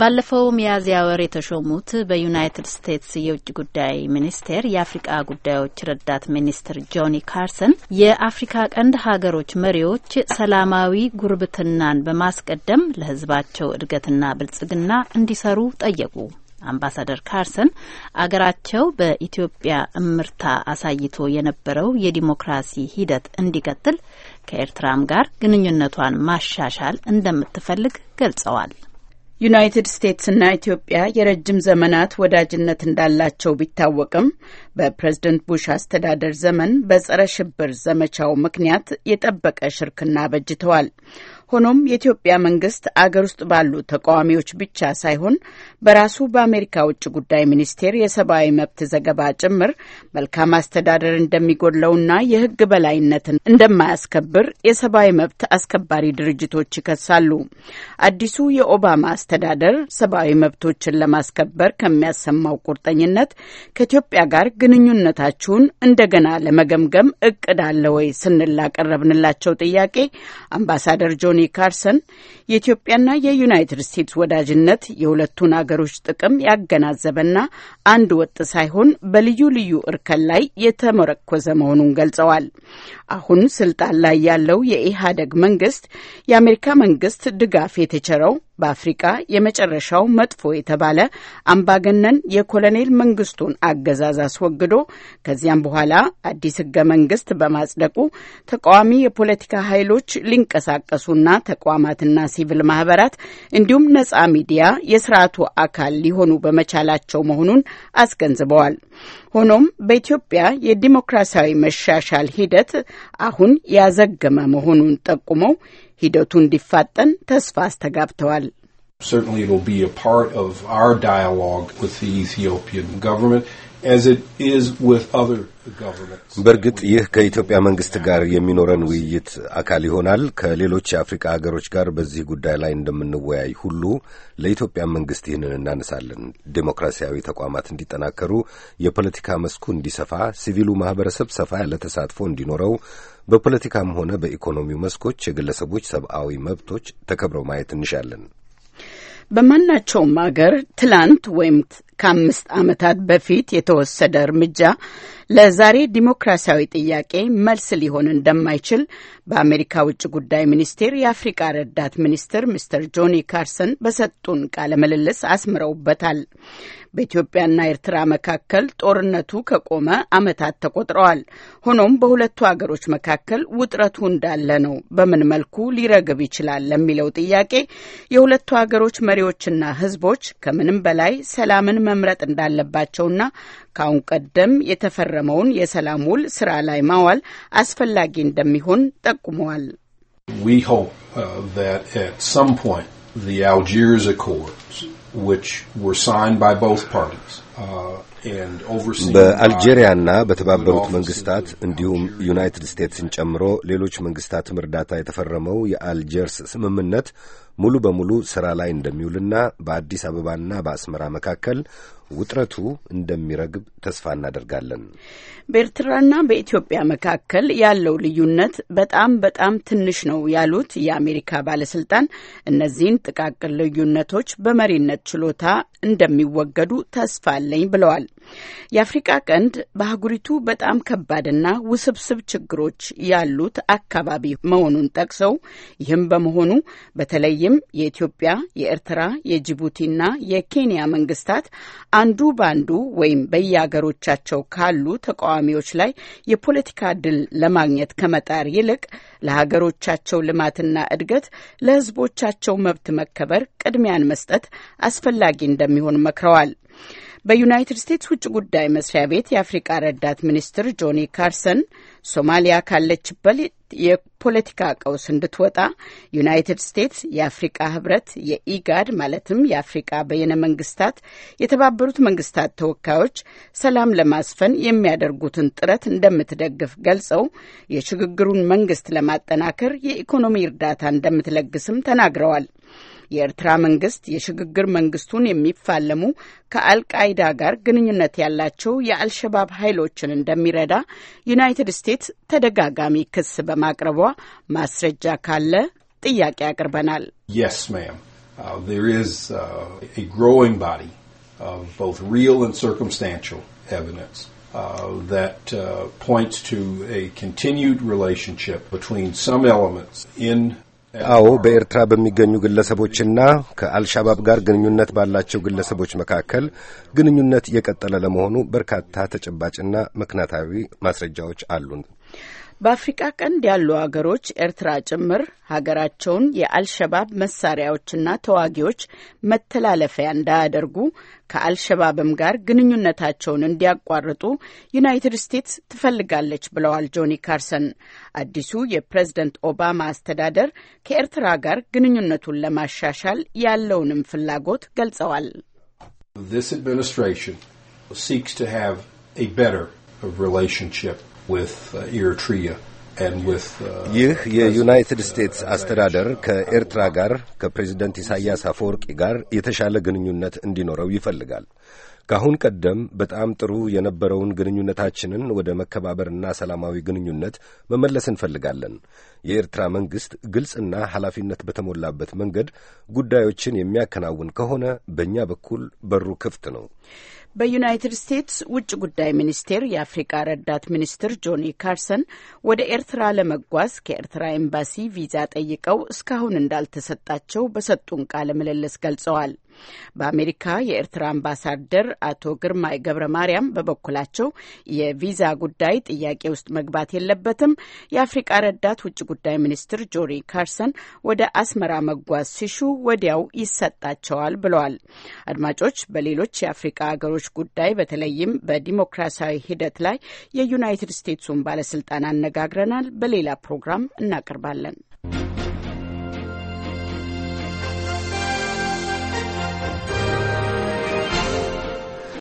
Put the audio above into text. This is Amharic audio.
ባለፈው ሚያዝያ ወር የተሾሙት በዩናይትድ ስቴትስ የውጭ ጉዳይ ሚኒስቴር የአፍሪቃ ጉዳዮች ረዳት ሚኒስትር ጆኒ ካርሰን የአፍሪካ ቀንድ ሀገሮች መሪዎች ሰላማዊ ጉርብትናን በማስቀደም ለሕዝባቸው እድገትና ብልጽግና እንዲሰሩ ጠየቁ። አምባሳደር ካርሰን አገራቸው በኢትዮጵያ እምርታ አሳይቶ የነበረው የዲሞክራሲ ሂደት እንዲቀጥል ከኤርትራም ጋር ግንኙነቷን ማሻሻል እንደምትፈልግ ገልጸዋል። ዩናይትድ ስቴትስና ኢትዮጵያ የረጅም ዘመናት ወዳጅነት እንዳላቸው ቢታወቅም በፕሬዝደንት ቡሽ አስተዳደር ዘመን በጸረ ሽብር ዘመቻው ምክንያት የጠበቀ ሽርክና በጅተዋል። ሆኖም የኢትዮጵያ መንግስት አገር ውስጥ ባሉ ተቃዋሚዎች ብቻ ሳይሆን በራሱ በአሜሪካ ውጭ ጉዳይ ሚኒስቴር የሰብአዊ መብት ዘገባ ጭምር መልካም አስተዳደር እንደሚጎድለውና የህግ በላይነትን እንደማያስከብር የሰብአዊ መብት አስከባሪ ድርጅቶች ይከሳሉ። አዲሱ የኦባማ አስተዳደር ሰብአዊ መብቶችን ለማስከበር ከሚያሰማው ቁርጠኝነት ከኢትዮጵያ ጋር ግንኙነታችሁን እንደገና ለመገምገም እቅድ አለ ወይ ስንል ላቀረብንላቸው ጥያቄ አምባሳደር ጆን ቶኒ ካርሰን የኢትዮጵያና የዩናይትድ ስቴትስ ወዳጅነት የሁለቱን አገሮች ጥቅም ያገናዘበና አንድ ወጥ ሳይሆን በልዩ ልዩ እርከን ላይ የተመረኮዘ መሆኑን ገልጸዋል። አሁን ስልጣን ላይ ያለው የኢህአደግ መንግስት የአሜሪካ መንግስት ድጋፍ የተቸረው በአፍሪቃ የመጨረሻው መጥፎ የተባለ አምባገነን የኮሎኔል መንግስቱን አገዛዝ አስወግዶ ከዚያም በኋላ አዲስ ህገ መንግስት በማጽደቁ ተቃዋሚ የፖለቲካ ኃይሎች ሊንቀሳቀሱና ተቋማትና ሲቪል ማህበራት እንዲሁም ነጻ ሚዲያ የስርዓቱ አካል ሊሆኑ በመቻላቸው መሆኑን አስገንዝበዋል። ሆኖም በኢትዮጵያ የዲሞክራሲያዊ መሻሻል ሂደት አሁን ያዘገመ መሆኑን ጠቁመው ሂደቱ እንዲፋጠን ተስፋ አስተጋብተዋል። Certainly it'll be a part of our dialogue with the Ethiopian government በእርግጥ ይህ ከኢትዮጵያ መንግስት ጋር የሚኖረን ውይይት አካል ይሆናል። ከሌሎች የአፍሪካ ሀገሮች ጋር በዚህ ጉዳይ ላይ እንደምንወያይ ሁሉ ለኢትዮጵያ መንግስት ይህንን እናነሳለን። ዴሞክራሲያዊ ተቋማት እንዲጠናከሩ፣ የፖለቲካ መስኩ እንዲሰፋ፣ ሲቪሉ ማህበረሰብ ሰፋ ያለ ተሳትፎ እንዲኖረው በፖለቲካም ሆነ በኢኮኖሚው መስኮች የግለሰቦች ሰብአዊ መብቶች ተከብረው ማየት እንሻለን። በማናቸውም አገር ትላንት ወይም ከአምስት ዓመታት በፊት የተወሰደ እርምጃ ለዛሬ ዲሞክራሲያዊ ጥያቄ መልስ ሊሆን እንደማይችል በአሜሪካ ውጭ ጉዳይ ሚኒስቴር የአፍሪካ ረዳት ሚኒስትር ሚስተር ጆኒ ካርሰን በሰጡን ቃለ ምልልስ አስምረውበታል። በኢትዮጵያና ኤርትራ መካከል ጦርነቱ ከቆመ ዓመታት ተቆጥረዋል። ሆኖም በሁለቱ አገሮች መካከል ውጥረቱ እንዳለ ነው። በምን መልኩ ሊረግብ ይችላል ለሚለው ጥያቄ የሁለቱ አገሮች መሪዎችና ሕዝቦች ከምንም በላይ ሰላምን መምረጥ እንዳለባቸውና ከአሁን ቀደም የተፈረመውን የሰላም ውል ስራ ላይ ማዋል አስፈላጊ እንደሚሆን ጠቁመዋል። The Algiers Accords, which were signed by both parties. በአልጄሪያና በተባበሩት መንግስታት እንዲሁም ዩናይትድ ስቴትስን ጨምሮ ሌሎች መንግስታትም እርዳታ የተፈረመው የአልጀርስ ስምምነት ሙሉ በሙሉ ስራ ላይ እንደሚውልና በአዲስ አበባና በአስመራ መካከል ውጥረቱ እንደሚረግብ ተስፋ እናደርጋለን። በኤርትራና በኢትዮጵያ መካከል ያለው ልዩነት በጣም በጣም ትንሽ ነው ያሉት የአሜሪካ ባለስልጣን እነዚህን ጥቃቅን ልዩነቶች በመሪነት ችሎታ እንደሚወገዱ ተስፋ አለኝ ብለዋል። የአፍሪቃ ቀንድ በአህጉሪቱ በጣም ከባድና ውስብስብ ችግሮች ያሉት አካባቢ መሆኑን ጠቅሰው ይህም በመሆኑ በተለይም የኢትዮጵያ፣ የኤርትራ፣ የጅቡቲና የኬንያ መንግስታት አንዱ በአንዱ ወይም በየሀገሮቻቸው ካሉ ተቃዋሚዎች ላይ የፖለቲካ ድል ለማግኘት ከመጣር ይልቅ ለሀገሮቻቸው ልማትና እድገት ለህዝቦቻቸው መብት መከበር ቅድሚያን መስጠት አስፈላጊ እንደሚሆን መክረዋል። በዩናይትድ ስቴትስ ውጭ ጉዳይ መስሪያ ቤት የአፍሪቃ ረዳት ሚኒስትር ጆኒ ካርሰን ሶማሊያ ካለችበት የፖለቲካ ቀውስ እንድትወጣ ዩናይትድ ስቴትስ የአፍሪቃ ህብረት፣ የኢጋድ ማለትም የአፍሪቃ በየነ መንግስታት፣ የተባበሩት መንግስታት ተወካዮች ሰላም ለማስፈን የሚያደርጉትን ጥረት እንደምትደግፍ ገልጸው የሽግግሩን መንግስት ለማጠናከር የኢኮኖሚ እርዳታ እንደምትለግስም ተናግረዋል። የኤርትራ መንግስት የሽግግር መንግስቱን የሚፋለሙ ከአልቃይዳ ጋር ግንኙነት ያላቸው የአልሸባብ ኃይሎችን እንደሚረዳ ዩናይትድ ስቴትስ ተደጋጋሚ ክስ በማቅረቧ ማስረጃ ካለ ጥያቄ አቅርበናል። ሪ ን አዎ በኤርትራ በሚገኙ ግለሰቦችና ከአልሻባብ ጋር ግንኙነት ባላቸው ግለሰቦች መካከል ግንኙነት የቀጠለ ለመሆኑ በርካታ ተጨባጭና ምክንያታዊ ማስረጃዎች አሉን። በአፍሪቃ ቀንድ ያሉ አገሮች ኤርትራ ጭምር ሀገራቸውን የአልሸባብ መሳሪያዎችና ተዋጊዎች መተላለፊያ እንዳያደርጉ ከአልሸባብም ጋር ግንኙነታቸውን እንዲያቋርጡ ዩናይትድ ስቴትስ ትፈልጋለች ብለዋል ጆኒ ካርሰን። አዲሱ የፕሬዝደንት ኦባማ አስተዳደር ከኤርትራ ጋር ግንኙነቱን ለማሻሻል ያለውንም ፍላጎት ገልጸዋል። This administration seeks to have a better relationship Uh, uh, ይህ የዩናይትድ ስቴትስ አስተዳደር ከኤርትራ ጋር ከፕሬዚደንት ኢሳያስ አፈወርቂ ጋር የተሻለ ግንኙነት እንዲኖረው ይፈልጋል። ከአሁን ቀደም በጣም ጥሩ የነበረውን ግንኙነታችንን ወደ መከባበርና ሰላማዊ ግንኙነት መመለስ እንፈልጋለን። የኤርትራ መንግሥት ግልጽና ኃላፊነት በተሞላበት መንገድ ጉዳዮችን የሚያከናውን ከሆነ በእኛ በኩል በሩ ክፍት ነው። በዩናይትድ ስቴትስ ውጭ ጉዳይ ሚኒስቴር የአፍሪቃ ረዳት ሚኒስትር ጆኒ ካርሰን ወደ ኤርትራ ለመጓዝ ከኤርትራ ኤምባሲ ቪዛ ጠይቀው እስካሁን እንዳልተሰጣቸው በሰጡን ቃለ ምልልስ ገልጸዋል። በአሜሪካ የኤርትራ አምባሳደር አቶ ግርማይ ገብረ ማርያም በበኩላቸው የቪዛ ጉዳይ ጥያቄ ውስጥ መግባት የለበትም፣ የአፍሪቃ ረዳት ውጭ ጉዳይ ሚኒስትር ጆኒ ካርሰን ወደ አስመራ መጓዝ ሲሹ ወዲያው ይሰጣቸዋል ብለዋል። አድማጮች በሌሎች የአፍሪቃ ሀገሮች መብቶች ጉዳይ በተለይም በዲሞክራሲያዊ ሂደት ላይ የዩናይትድ ስቴትሱን ባለስልጣን አነጋግረናል። በሌላ ፕሮግራም እናቀርባለን።